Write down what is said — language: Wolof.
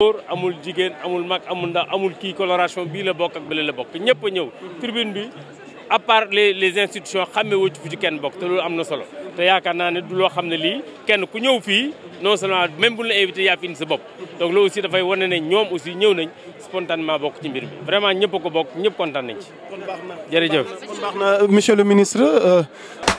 góor amul jigéen amul mag amul ndax amul kii coloration bii la bokk ak bële la bokk ñëpp a ñëw tribune bi à part les institutions xammee wu ci fu ci kenn bokk te loolu am na solo te yaakaar naa ne du loo xam ne lii kenn ku ñëw fii non seulement même bu ñu la invité yaa fi indi sa bopp donc loolu aussi dafay wone ne ñoom aussi ñëw nañ spontanément bokk ci mbir mi vraiment ñëpp ko bokk ñëpp kontaan nañ ci na monsieur le ministre euh,